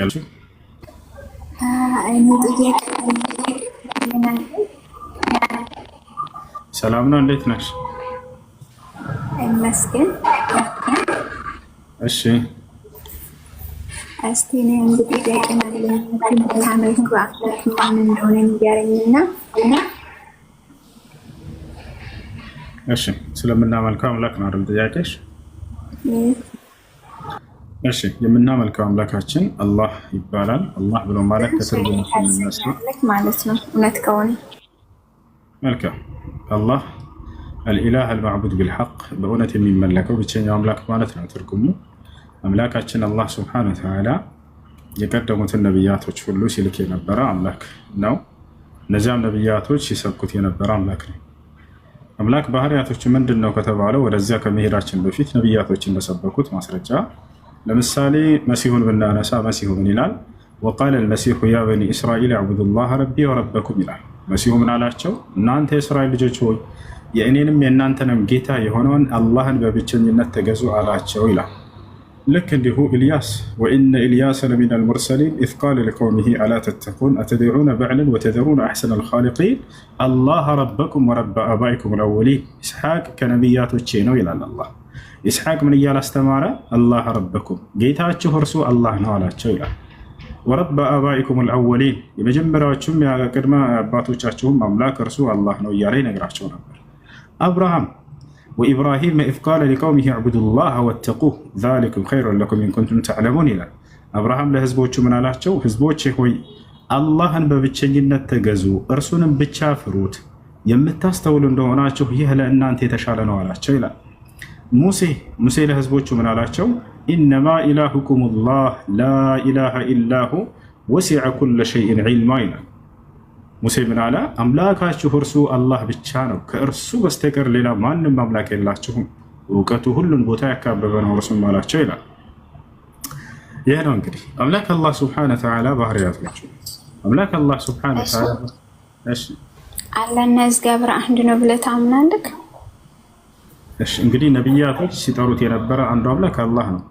ያሉ ሰላም ነው። እንዴት ነሽ? ይመስገን። እሺ እስቲ እኔ እንግዲህ ደቅናለ ታመልኩ አምላክ ማን እንደሆነ ንገረኝና እሺ። ስለምናመልከው አምላክ ነው አይደል ጥያቄሽ? እሺ የምናመልከው አምላካችን አላህ ይባላል። አላህ ብሎ ማለት ከትርጉሙ ማለት ነው። እውነት ከሆነ መልካም አላህ አልኢላህ አልማዕቡድ ቢልሐቅ በእውነት የሚመለከው ብቸኛው አምላክ ማለት ነው ትርጉሙ። አምላካችን አላህ ስብሐነሁ ወተዓላ የቀደሙትን ነቢያቶች ሁሉ ሲልክ የነበረ አምላክ ነው። እነዚያም ነቢያቶች ሲሰብኩት የነበረ አምላክ ነው። አምላክ ባህሪያቶቹ ምንድን ነው ከተባለው ወደዚያ ከመሄዳችን በፊት ነቢያቶች እንደሰበኩት ማስረጃ ለምሳሌ መሲሁን ብናነሳ መሲሁ ምን ይላል? ወቃለ ልመሲሑ ያ በኒ እስራኤል አዕቡዱ ረቢ ወረበኩም ይላል። መሲሁ ምን አላቸው? እናንተ የእስራኤል ልጆች ሆይ የእኔንም የእናንተንም ጌታ የሆነውን አላህን በብቸኝነት ተገዙ አላቸው ይላል። ልክ እንዲሁ ኢልያስ ወኢነ ኢልያስ ለሚን አልሙርሰሊን ኢዝ ቃለ ሊቀውሚሂ አላ ተተቁን አተድዑነ በዕለን ወተደሩነ አሕሰነ አልኻሊቂን አላህ ረበኩም ወረበ አባይኩም ለወሊ ኢስሐቅ ከነቢያቶቼ ነው ይላል አላህ ኢስሐቅ ምን እያል አስተማረ? አላህ ረበኩም ጌታችሁ እርሱ አላህ ነው አላቸው ይላል። ወረበ አባኢኩም ልአወሊን የመጀመሪያዎቹም ቅድመ አባቶቻችሁም አምላክ እርሱ አላህ ነው እያለ ይነግራቸው ነበር። አብርሃም ወኢብራሂም ኢዝ ቃለ ሊቀውሚሂ ዕቡዱ ወተቁህ ዛሊኩም ኸይሩን ለኩም ኢንኩንቱም ተዕለሙን ይላል። አብርሃም ለህዝቦቹ ምን አላቸው? ህዝቦቼ ሆይ አላህን በብቸኝነት ተገዙ፣ እርሱንም ብቻ ፍሩት። የምታስተውሉ እንደሆናችሁ ይህ ለእናንተ የተሻለ ነው አላቸው ይላል ሙሴ ሙሴ ለህዝቦቹ ምን አላቸው? ኢነማ ኢላሁኩም ላህ ላ ኢላሁ ወሲዐ ኩለ ሸይን ዒልማ ይላል። ሙሴ ምን አለ? አምላካችሁ እርሱ አላህ ብቻ ነው፣ ከእርሱ በስተቀር ሌላ ማንም አምላክ የላችሁም፣ እውቀቱ ሁሉን ቦታ ያካበበ ነው እርሱም አላቸው ይላል። ይህ ነው እንግዲህ አምላክ አላህ ስብሐነ ወተዓላ ባህርያት ናቸው። አምላክ አላህ ስብሐነ ወተዓላ አላህና እዝጋብር አንድ ነው ብለህ ታምናለህ? እንግዲህ ነቢያቶች ሲጠሩት የነበረ አንዱ አምላክ አላህ ነው።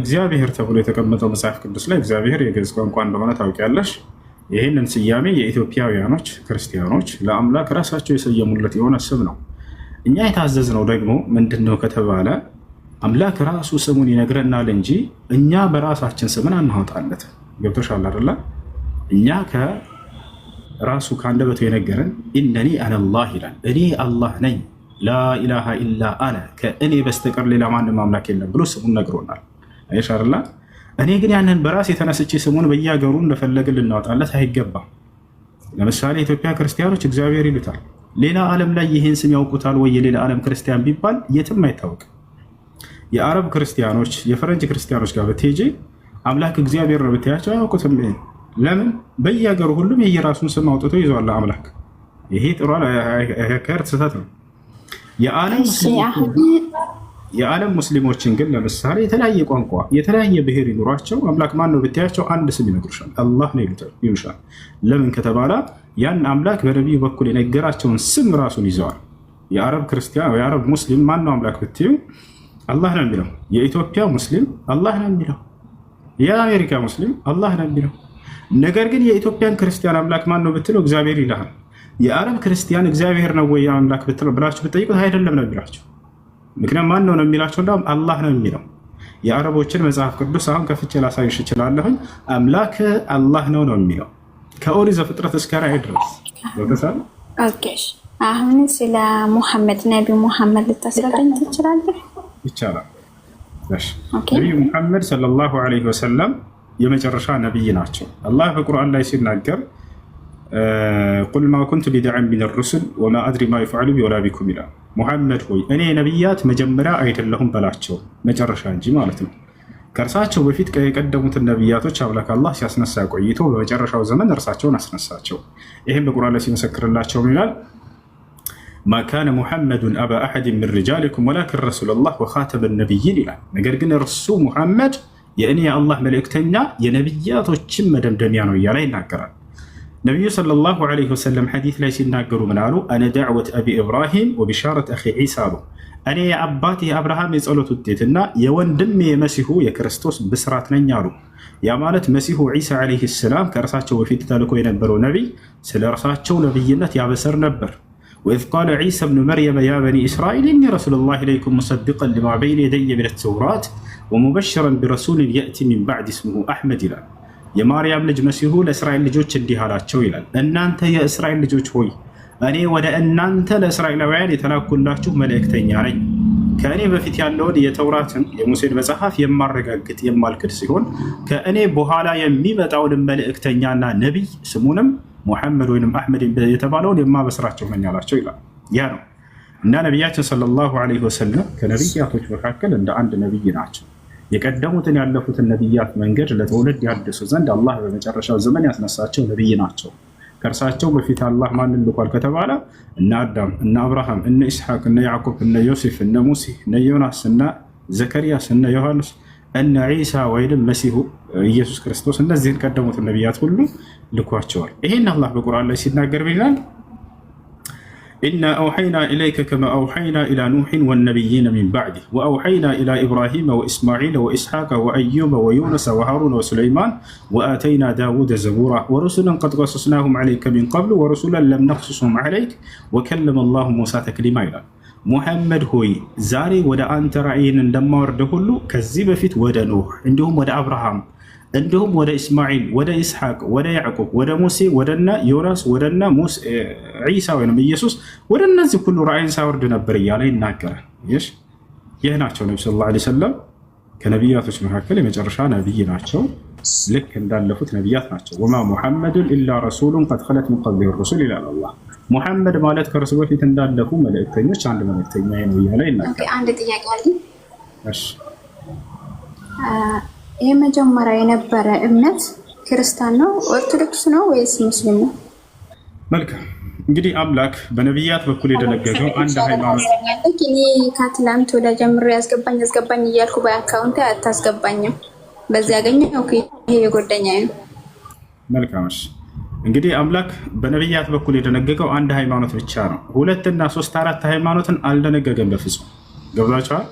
እግዚአብሔር ተብሎ የተቀመጠው መጽሐፍ ቅዱስ ላይ እግዚአብሔር የግዕዝ ቋንቋ እንደሆነ ታውቂያለሽ። ይህንን ስያሜ የኢትዮጵያውያኖች ክርስቲያኖች ለአምላክ ራሳቸው የሰየሙለት የሆነ ስም ነው። እኛ የታዘዝነው ደግሞ ምንድን ነው ከተባለ አምላክ ራሱ ስሙን ይነግረናል እንጂ እኛ በራሳችን ስምን አናወጣለት። ገብቶሻል አይደለ? እኛ ከራሱ ከአንደበቱ የነገረን ኢነኒ አነላህ ይላል፣ እኔ አላህ ነኝ ላኢላሀ ኢላ አነ ከእኔ በስተቀር ሌላ ማንም አምላክ የለም ብሎ ስሙን ነግሮናል። አይሻርላ እኔ ግን ያንን በራስ የተነስቼ ስሙን በየሀገሩ እንደፈለግን ልናወጣለት አይገባም። ለምሳሌ ኢትዮጵያ ክርስቲያኖች እግዚአብሔር ይሉታል። ሌላ ዓለም ላይ ይህን ስም ያውቁታል ወይ? የሌላ ዓለም ክርስቲያን ቢባል የትም አይታወቅም። የአረብ ክርስቲያኖች፣ የፈረንጅ ክርስቲያኖች ጋር በቴጂ አምላክ እግዚአብሔር ነው ብታያቸው አያውቁትም። ለምን? በየሀገሩ ሁሉም የየራሱን ስም አውጥቶ ይዟል አምላክ። ይሄ ጥሩ ስህተት ነው። የዓለም ሙስሊሞችን ግን ለምሳሌ የተለያየ ቋንቋ የተለያየ ብሔር ይኑሯቸው አምላክ ማን ነው ብታያቸው አንድ ስም ይነግሩሻል፣ አላህ ነው ይሉሻል። ለምን ከተባለ ያን አምላክ በነቢዩ በኩል የነገራቸውን ስም ራሱን ይዘዋል። የአረብ ክርስቲያን የአረብ ሙስሊም ማን ነው አምላክ ብትዩ አላህ ነው የሚለው። የኢትዮጵያ ሙስሊም አላህ ነው የሚለው። የአሜሪካ ሙስሊም አላህ ነው የሚለው። ነገር ግን የኢትዮጵያን ክርስቲያን አምላክ ማን ነው ብትለው እግዚአብሔር ይልሃል። የአረብ ክርስቲያን እግዚአብሔር ነው ወይ አምላክ ብላችሁ ብጠይቁት አይደለም ነው የሚላቸው። ምክንያቱም ማን ነው ነው የሚላቸው? እንዳውም አላህ ነው የሚለው። የአረቦችን መጽሐፍ ቅዱስ አሁን ከፍቼ ላሳይሽ እችላለሁኝ። አምላክ አላህ ነው ነው የሚለው ከኦሪት ዘፍጥረት እስከ ራዕይ ድረስ ወተሳል። አሁን ስለ ሙሐመድ ነቢ ሙሐመድ ልታስረዳኝ ትችላለህ? ይቻላል። ነቢዩ ሙሐመድ ሰለላሁ ዐለይሂ ወሰለም የመጨረሻ ነቢይ ናቸው። አላህ በቁርአን ላይ ሲናገር ቁል ማ ኩንቱ ቢድዐን ሚን ሩሱል ወማ አድሪ ማ ይፍዐሉ ቢ ወላ ቢኩም ይላል። ሙሐመድ ሆይ እኔ ነቢያት መጀመሪያ አይደለሁም በላቸው፣ መጨረሻ እንጂ ማለት ነው። ከእርሳቸው በፊት የቀደሙትን ነቢያቶች አምላክ አላህ ሲያስነሳ ቆይቶ በመጨረሻው ዘመን እርሳቸውን አስነሳቸው። ይህም በቁርአን ላይ ሲመሰክርላቸው ይላል ማ ካነ ሙሐመዱን አባ አሐድ ምን ሪጃሊኩም ወላኪን ረሱለላህ ወኻተመ ነቢይን ይላል። ነገር ግን እርሱ ሙሐመድ የእኔ የአላህ መልእክተኛ የነቢያቶችን መደምደሚያ ነው እያለ ይናገራል። ነቢዩ ሰለላሁ ዐለይሂ ወሰለም ሐዲስ ላይ ሲናገሩ ምን አሉ? አነ ዳዕወት አቢ ኢብራሂም ወቢሻረት አኺ ዒሳ አሉ። እኔ የአባቴ የአብርሃም የጸሎት ውጤትና የወንድሜ የመሲሁ የክርስቶስ ብስራት ነኝ አሉ። ያ ማለት መሲሁ ዒሳ ዐለይሂ ሰላም ከእርሳቸው በፊት ተልኮ የነበረው ነቢይ ስለ እርሳቸው ነቢይነት ያበሰር ነበር። ወኢዝ ቃለ ዒሳ ብኑ መርየም ያ በኒ እስራኤል እኒ ረሱሉላህ ኢለይኩም ሙሰድቀን ሊማ በይነ የደየ ሚነ ተውራት ወሙበሽረን ቢረሱልን የእቲ ሚን ባዕድ ስሙሁ አሕመድ ይላል። የማርያም ልጅ መሲሁ ለእስራኤል ልጆች እንዲህ አላቸው ይላል። እናንተ የእስራኤል ልጆች ሆይ እኔ ወደ እናንተ ለእስራኤላውያን የተላኩላችሁ መልእክተኛ ነኝ። ከእኔ በፊት ያለውን የተውራትን የሙሴን መጽሐፍ የማረጋግጥ የማልክድ ሲሆን ከእኔ በኋላ የሚመጣውንም መልእክተኛና ነቢይ ስሙንም ሙሐመድ ወይም አሕመድ የተባለውን የማበስራቸው ነኝ አላቸው ይላል። ያ ነው እና ነቢያችን ሰለላሁ ዐለይሂ ወሰለም ከነቢያቶች መካከል እንደ አንድ ነቢይ ናቸው። የቀደሙትን ያለፉትን ነቢያት መንገድ ለትውልድ ያድሱ ዘንድ አላህ በመጨረሻው ዘመን ያስነሳቸው ነቢይ ናቸው። ከእርሳቸው በፊት አላህ ማንን ልኳል ከተባለ እነ አዳም፣ እነ አብርሃም፣ እነ ኢስሐቅ፣ እነ ያዕቆብ፣ እነ ዮሴፍ፣ እነ ሙሴ፣ እነ ዮናስ፣ እነ ዘከርያስ፣ እነ ዮሐንስ፣ እነ ዒሳ ወይም መሲሁ ኢየሱስ ክርስቶስ እነዚህን ቀደሙትን ነቢያት ሁሉ ልኳቸዋል። ይህን አላህ በቁርአን ላይ ሲናገር ይላል ኢና አውሐይና ኢለይከ ከማ አውሐይና ኢላ ኑሕን ወነቢይነ ሚን ባዕዲህ ወአውሐይና ኢላ ኢብራሂመ ወኢስማዒለ ወኢስሓቀ ወአዩበ ወዩነሰ ወሃሩነ ወሱለይማን ወአተይና ዳውደ ዘቡራ ወሩሱለን ቀድ ቀሱስናሁም ዓለይከ ሚን ቀብሉ ወሩሱለን ለም ነቅሱስሁም ዓለይክ ወከለመ ላሁ ሙሳ ተክሊማ ይላል። ሙሐመድ ሆይ ዛሬ ወደ አንተ ራእይን እንደማወርደ ሁሉ ከዚህ በፊት ወደ ኑሕ እንዲሁም ወደ አብርሃም እንዲሁም ወደ እስማዒል ወደ ኢስሐቅ ወደ ያዕቁብ ወደ ሙሴ ወደና ዮናስ ወደና ዒሳ ወይም ኢየሱስ ወደ እነዚህ ሁሉ ራእይን ሳወርድ ነበር እያለ ይናገራል። ይህ ናቸው ነቢ ሰለላሁ ዓለይሂ ወሰለም ከነቢያቶች መካከል የመጨረሻ ነቢይ ናቸው። ልክ እንዳለፉት ነቢያት ናቸው። ወማ ሙሐመድን ኢላ ረሱሉን ቀድ ኸለት ሚን ቀብሊሂ ሩሱል ይላል አላህ። ሙሐመድ ማለት ከእርሱ በፊት እንዳለፉ መልእክተኞች አንድ መልእክተኛ ነው እያለ ይናገራል። የመጀመሪያ የነበረ እምነት ክርስቲያን ነው፣ ኦርቶዶክስ ነው ወይስ ሙስሊም ነው? መልካም እንግዲህ አምላክ በነቢያት በኩል የደነገገው አንድ ሃይማኖት እኔ ከትላንት ወደ ጀምሮ ያስገባኝ ያስገባኝ እያልኩ በአካውንት አታስገባኝም። በዚህ ያገኘ ይሄ የጎደኛ ነው። መልካምሽ እንግዲህ አምላክ በነቢያት በኩል የደነገገው አንድ ሃይማኖት ብቻ ነው። ሁለትና ሶስት አራት ሃይማኖትን አልደነገገም በፍጹም ገብቷቸዋል።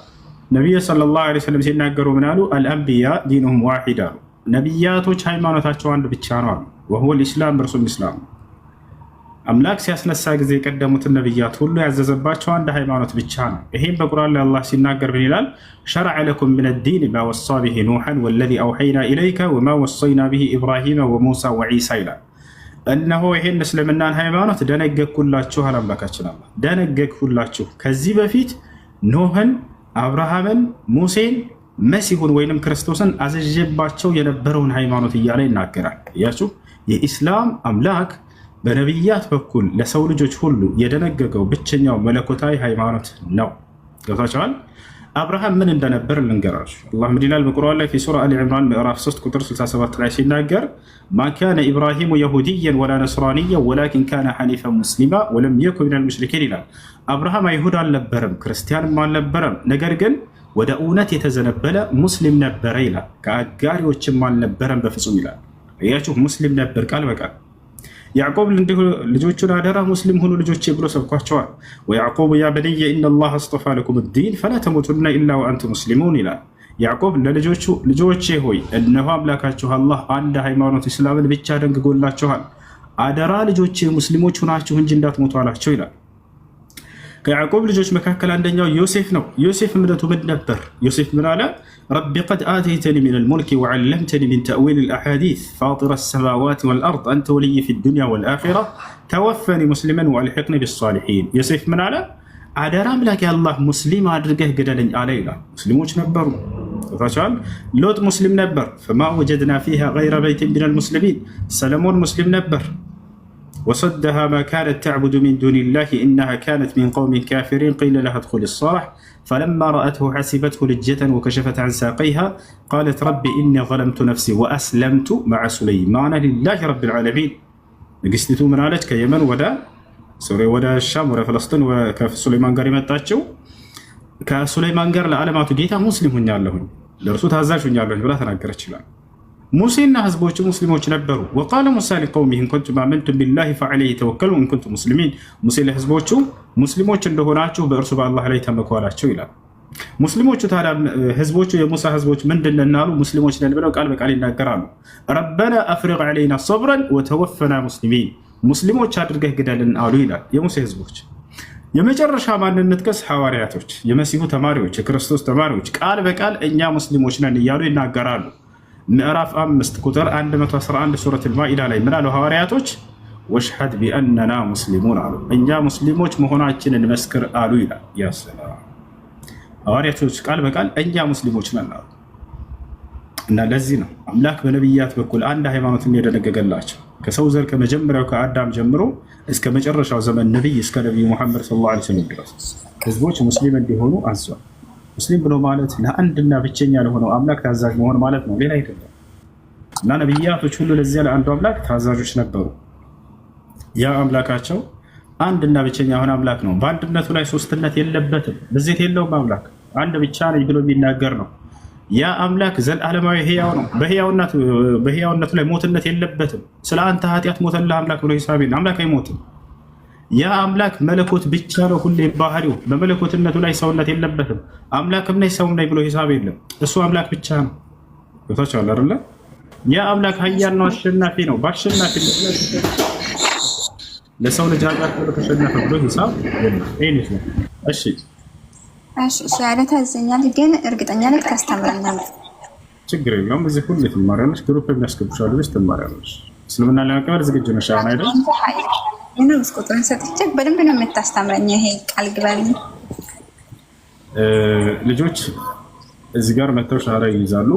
ነቢዩ ሰለላሁ ዐለይሂ ወሰለም ሲናገሩ ምን አሉ? አልአንቢያ ዲኑሁም ዋሂድ አሉ። ነቢያቶች ሃይማኖታቸው አንድ ብቻ ነው አሉ። ወሁወል ኢስላም እርሱም ኢስላም አምላክ ሲያስነሳ ጊዜ የቀደሙትን ነቢያት ሁሉ ያዘዘባቸው አንድ ሃይማኖት ብቻ ነው። ይሄም በቁርአን ላይ አላህ ሲናገር ምን ይላል? ሸረዐ ለኩም ምን ዲን ማ ወሳ ብሂ ኑሐን ወለዚ አውሐይና ኢለይከ ወማ ወሰይና ብሂ ኢብራሂመ ወሙሳ ወዒሳ ይላል። እነሆ ይሄን እስልምናን ሃይማኖት ደነገግሁላችሁ አላምላካችን አላ ደነገግሁላችሁ ከዚህ በፊት ኖህን አብርሃምን፣ ሙሴን፣ መሲሁን ወይንም ክርስቶስን አዘዤባቸው የነበረውን ሃይማኖት እያለ ይናገራል። እያሱ የኢስላም አምላክ በነቢያት በኩል ለሰው ልጆች ሁሉ የደነገገው ብቸኛው መለኮታዊ ሃይማኖት ነው። ገብታችኋል? አብርሃም ምን እንደነበር ልንገራችሁ። አላህ ምን ይላል በቁርአን ላይ ሱራ አሊ ዕምራን ምዕራፍ 3 ቁጥር 67 ላይ ሲናገር ማ ካነ ኢብራሂሙ የሁድየን ወላ ነስራንየን ወላኪን ካነ ሐኒፈ ሙስሊማ ወለም የኩ ሚነል ሙሽሪኪን ይላል። አብርሃም አይሁድ አልነበረም፣ ክርስቲያንም አልነበረም፣ ነገር ግን ወደ እውነት የተዘነበለ ሙስሊም ነበረ ይላል። ከአጋሪዎችም አልነበረም በፍጹም ይላል። እያችሁ ሙስሊም ነበር ቃል በቃል ያዕቆብ እንዲሁ ልጆቹን አደራ ሙስሊም ሁኑ ልጆቼ ብሎ ሰብኳቸዋል። ወያዕቆብ ያ በንየ ኢና አስጠፋ ለኩም ዲን ፈላ ተሞቱና ኢላ ወአንቱ ሙስሊሙን ይላል። ያዕቆብ ለልጆቹ ልጆቼ ሆይ እነሆ አምላካችሁ አላህ አንድ ሃይማኖት እስላምን ብቻ ደንግጎላችኋል፣ አደራ ልጆቼ ሙስሊሞች ሆናችሁ እንጂ እንዳትሞቱ አላቸው ይላል። ከያዕቆብ ልጆች መካከል አንደኛው ዮሴፍ ነው። ዮሴፍ እምነቱ ምን ነበር? ዮሴፍ ምን አለ? رب قد آتيتني من الملك وعلمتني من تأويل الأحاديث فاطر السماوات والأرض أنت ولي في الدنيا والآخرة توفني مسلما وألحقني بالصالحين يوسف من على አደራ አምላክ الله مسلم አድርገህ قدر አለ ይላል። ሙስሊሞች ነበሩ ታቸዋል። ሎጥ ሙስሊም ነበር። ፈማ ወጀድና ፊሃ ገይረ በይትን ሚነል ሙስሊሚን። ሰለሞን وصدها ما كانت تعبد من دون الله انها كانت من قوم كافرين قيل لها ادخل الصالح فلما راته حسبته لجة وكشفت عن ساقيها قالت ربي اني ظلمت نفسي واسلمت مع سليمان لله رب العالمين نقستو من علاج كيمن ودا سوري ودا الشام ودا فلسطين وكاف سليمان قريمة تاتشو كسليمان قال لعلمات جيتا مسلم هن يالهن لرسول هزاش هن يالهن ولا تنقرتش ሙሴና ህዝቦች ሙስሊሞች ነበሩ። ወቃለ ሙሳ ሊቀውሚ እንኩንቱ ማመንቱ ቢላሂ ፈለ የተወከሉ እንኩንቱ ሙስሊሚን። ሙሴ ለህዝቦቹ ሙስሊሞች እንደሆናችሁ በእርሱ በአላህ ላይ ተመኳላቸው ይላል። ሙስሊሞቹ ታዲያ ህዝቦቹ የሙሳ ህዝቦች ምንድን አሉ? ሙስሊሞች ነን ብለው ቃል በቃል ይናገራሉ። ረበና አፍሪቅ ዓለይና ሶብረን ወተወፈና ሙስሊሚን፣ ሙስሊሞች አድርገህ ግደልን አሉ ይላል የሙሴ ህዝቦች። የመጨረሻ ማንነት ቀስ ሐዋርያቶች፣ የመሲሁ ተማሪዎች፣ የክርስቶስ ተማሪዎች ቃል በቃል እኛ ሙስሊሞች ነን እያሉ ይናገራሉ። ምዕራፍ አምስት ቁጥር 111 ሱረት ልማኢዳ ላይ ምናሉ ሐዋርያቶች ወሽሐድ ቢአነና ሙስሊሙን አሉ። እኛ ሙስሊሞች መሆናችንን እንመስክር አሉ ይላል። ያሰላ ሐዋርያቶች ቃል በቃል እኛ ሙስሊሞች ነን አሉ። እና ለዚህ ነው አምላክ በነቢያት በኩል አንድ ሃይማኖትን የደነገገላቸው ከሰው ዘር ከመጀመሪያው ከአዳም ጀምሮ እስከ መጨረሻው ዘመን ነቢይ እስከ ነቢይ ሙሐመድ ሰለላሁ ዓለይሂ ወሰለም ድረስ ህዝቦች ሙስሊም እንዲሆኑ አዟል። ሙስሊም ብሎ ማለት ለአንድና ብቸኛ ለሆነው አምላክ ታዛዥ መሆን ማለት ነው፣ ሌላ አይደለም። እና ነቢያቶች ሁሉ ለዚያ ለአንዱ አምላክ ታዛዦች ነበሩ። ያ አምላካቸው አንድና ብቸኛ የሆነ አምላክ ነው። በአንድነቱ ላይ ሶስትነት የለበትም፣ ብዜት የለውም። አምላክ አንድ ብቻ ነኝ ብሎ የሚናገር ነው። ያ አምላክ ዘላለማዊ ህያው ነው። በህያውነቱ ላይ ሞትነት የለበትም። ስለ አንተ ኃጢአት ሞተልህ አምላክ ብሎ ሂሳቤ አምላክ አይሞትም። የአምላክ መለኮት ብቻ ነው ሁሌ ባህሪው። በመለኮትነቱ ላይ ሰውነት የለበትም። አምላክም ነኝ ሰውም ነኝ ብሎ ሂሳብ የለም። እሱ አምላክ ብቻ ነው። ቦታቸው አለ አይደለ? የአምላክ ሀያል ነው፣ አሸናፊ ነው። በአሸናፊ ለሰው ልጅ ሀገር ተሸነፈ ብሎ ሂሳብ የለም። እሺ እሺ እሺ ያለ ታዘኛል፣ ግን እርግጠኛ ነኝ ታስተምረኛለህ። ችግር የለውም። እዚህ ሁሌ ትማሪያለሽ፣ ግሩፕ የሚያስገብሻሉ፣ ትማሪያለሽ። እስልምና ለመቀበል ዝግጁ ነሽ አሁን አይደል? እና ቁጥሩን ሰጥቼ በደንብ ነው የምታስተምረኝ። ይሄ ቃል ግባልኝ። ልጆች እዚህ ጋር መተው ሻራ ይይዛሉ።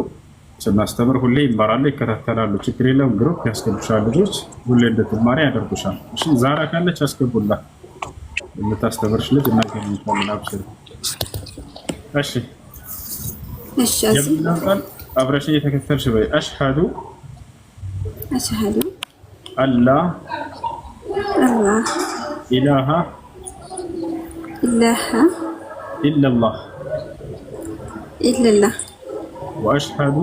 ስናስተምር ሁሌ ይማራሉ፣ ይከታተላሉ። ችግር የለም። ግሩፕ ያስገቡሻል። ልጆች ሁሌ እንደትማሪ ያደርጉሻል። እሺ፣ ዛራ ካለች ያስገቡላል። የምታስተምርሽ ልጅ እናገኝታለን። አብሽር። እሺ፣ የምናም ቃል አብረሽ እየተከተልሽ በይ። አሽሃዱ አላ الله إله إله إلا الله إلا الله وأشهد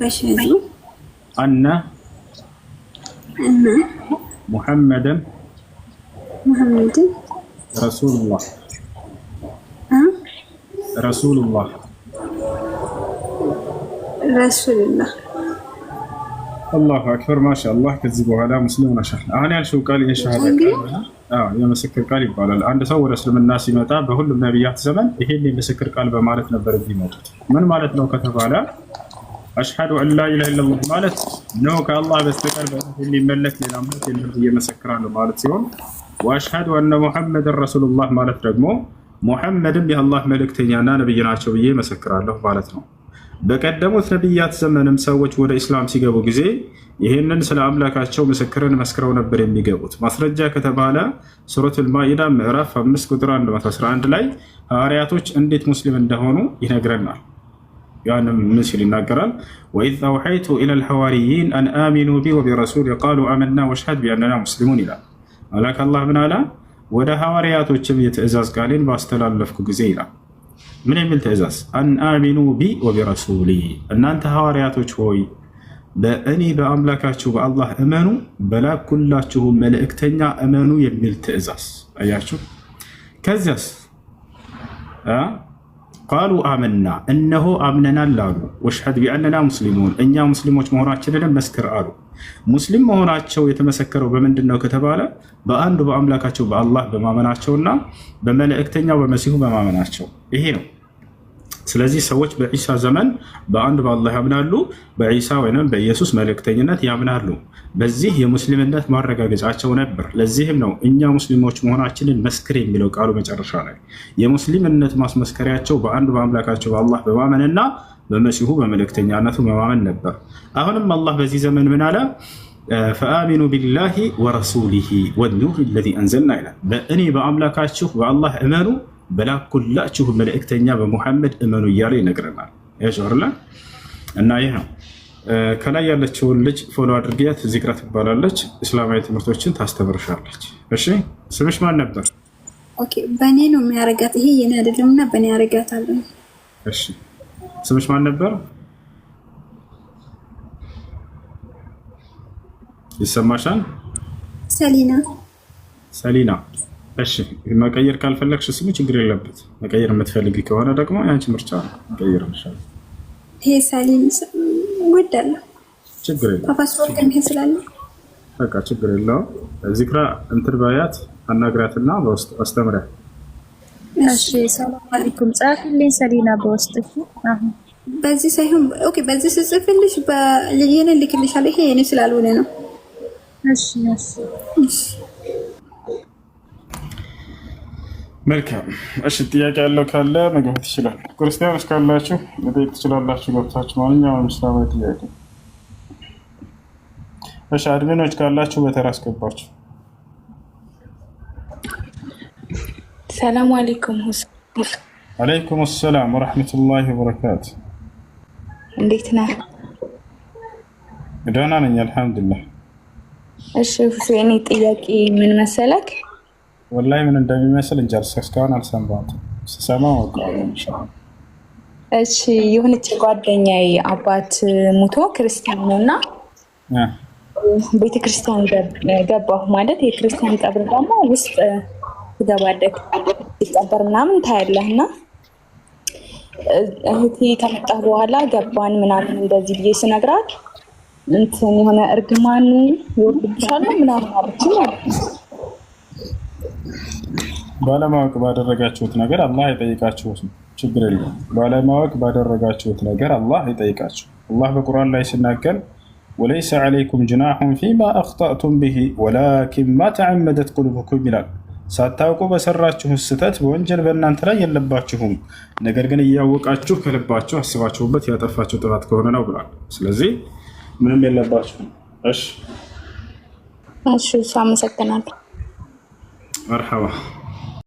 وأشهد أن أن محمدا محمدا رسول الله أه؟ رسول الله رسول الله الله اكبر ما شاء الله كذبوا على مسلمنا شحن آه، انا شو قال لي ايش هذا اه يا مسكر قال يبالال عند صور اسلم الناس يمتا بهل النبيات زمن يهني مسكر قال بمالت نبر دي موت من مالت نو كتبالا اشهد ان لا اله الا الله مالت نو كالله بستكر بهني ملك للامات اللي هي مسكران مالت سيون واشهد ان محمد رسول الله مالت رجمو محمد بها الله ملك انا نبينا شو بيه مسكران له مالت በቀደሙት ነቢያት ዘመንም ሰዎች ወደ ኢስላም ሲገቡ ጊዜ ይህንን ስለ አምላካቸው ምስክርን መስክረው ነበር የሚገቡት። ማስረጃ ከተባለ ሱረቱል ማኢዳ ምዕራፍ 5 ቁጥር 111 ላይ ሐዋርያቶች እንዴት ሙስሊም እንደሆኑ ይነግረናል። ያንም ምን ሲል ይናገራል? ወኢዝ አውሐይቱ ኢለል ሐዋርይን አን አሚኑ ቢ ወቢረሱል ቃሉ አመና ወሽሀድ ቢአንና ሙስሊሙን ይላል። አላክ አላህ ምን አላ? ወደ ሐዋርያቶችም የትእዛዝ ቃሌን ባስተላለፍኩ ጊዜ ይላል ምን የሚል ትእዛዝ? አን አሚኑ ቢ ወቢረሱሊ እናንተ ሐዋርያቶች ሆይ በእኔ በአምላካችሁ በአላህ እመኑ፣ በላኩላችሁ መልእክተኛ እመኑ የሚል ትእዛዝ አያችሁ። ከዚያስ ቃሉ አምና እነሆ አምነናል አሉ። ወሽሐድ ቢአንና ሙስሊሙን እኛ ሙስሊሞች መሆናችንንም መስክር አሉ። ሙስሊም መሆናቸው የተመሰከረው በምንድን ነው ከተባለ በአንዱ በአምላካቸው በአላህ በማመናቸውና በመልእክተኛው በመሲሁ በማመናቸው ይሄ ነው። ስለዚህ ሰዎች በዒሳ ዘመን በአንድ በአላህ ያምናሉ፣ በዒሳ ወይም በኢየሱስ መልእክተኝነት ያምናሉ። በዚህ የሙስሊምነት ማረጋገጫቸው ነበር። ለዚህም ነው እኛ ሙስሊሞች መሆናችንን መስክር የሚለው ቃሉ መጨረሻ ላይ የሙስሊምነት ማስመስከሪያቸው በአንድ በአምላካቸው በአላህ በማመንና በመሲሁ በመልእክተኛነቱ በማመን ነበር። አሁንም አላህ በዚህ ዘመን ምን አለ? ፈአሚኑ ቢላሂ ወረሱሊሂ ወኑር ለዚ አንዘልና ይላል። በእኔ በአምላካችሁ በአላህ እመኑ በላኩላችሁ መልእክተኛ በሙሐመድ እመኑ እያለ ይነግረናል። ያሸርለ እና ይህ ነው። ከላይ ያለችውን ልጅ ፎሎ አድርጊያት። ዚግራ ትባላለች። እስላማዊ ትምህርቶችን ታስተምርሻለች። እሺ ስምሽ ማን ነበር? በእኔ ነው የሚያረጋት። ይሄ የኔ አይደለም እና በእኔ ያረጋታለሁ። እሺ ስምሽ ማን ነበር? ይሰማሻል? ሰሊና ሰሊና እሺ መቀየር ካልፈለግሽ ስሙ ችግር የለበት። መቀየር የምትፈልግ ከሆነ ደግሞ ያንቺ ምርጫ መቀየር ይሻል። ይሄ ሳሊን ውድ ችግር የለ በቃ ችግር የለውም። ዚክራ እንትን ባያት አናግራትና በውስጥ አስተምሪያ። እሺ ሰላም አለይኩም ጻፍልኝ ሰሊና በውስጥ በዚህ ሳይሆን ኦኬ፣ በዚህ ስጽፍልሽ በልየነ ልክልሻለሁ። ይሄ የኔ ስላልሆነ ነው። እሺ እሺ መልካም እሺ፣ ጥያቄ ያለው ካለ መግባት ይችላል። ክርስቲያኖች ካላችሁ መጠየቅ ትችላላችሁ ገብታችሁ ማንኛውም እስላማዊ ጥያቄ። እሺ፣ አድሚኖች ካላችሁ በተራ አስገባችሁ። ሰላሙ አሌይኩም። አሌይኩም ሰላም ወረሕመቱላሂ ወበረካቱ። እንዴት ነህ? ደህና ነኝ አልሐምዱሊላህ። እሺ ሁሴኔ ጥያቄ ምን መሰለክ? ወላይ ምን እንደሚመስል እንጃ እስካሁን አልሰማሁትም። ስሰማ እሺ የሆነች ጓደኛዬ አባት ሙቶ ክርስቲያን ነው እና ቤተክርስቲያን ገባሁ ማለት የክርስቲያን ቀብር ደግሞ ውስጥ ትገባለህ ሲቀበር ምናምን ታያለህ እና እህቴ ከመጣህ በኋላ ገባን ምናምን እንደዚህ ብዬ ስነግራት እንትን የሆነ እርግማን ይወርድብሻል ምናምን አለችኝ ማለት ነው። ባለማወቅ ባደረጋችሁት ነገር አላህ አይጠይቃችሁም። ችግር የለም። ባለማወቅ ባደረጋችሁት ነገር አላህ አይጠይቃችሁ። አላህ በቁርአን ላይ ሲናገር ወለይሰ ዓለይኩም ጅናሑን ፊማ አኽጣእቱም ብሂ ወላኪን ማ ተዓመደት ቁሉብኩም ይላል። ሳታውቁ በሰራችሁ ስህተት በወንጀል በእናንተ ላይ የለባችሁም፣ ነገር ግን እያወቃችሁ ከልባችሁ አስባችሁበት ያጠፋችሁ ጥፋት ከሆነ ነው ብሏል። ስለዚህ ምንም የለባችሁም። እሺ፣ እሺ፣ አመሰግናለሁ። مرحبا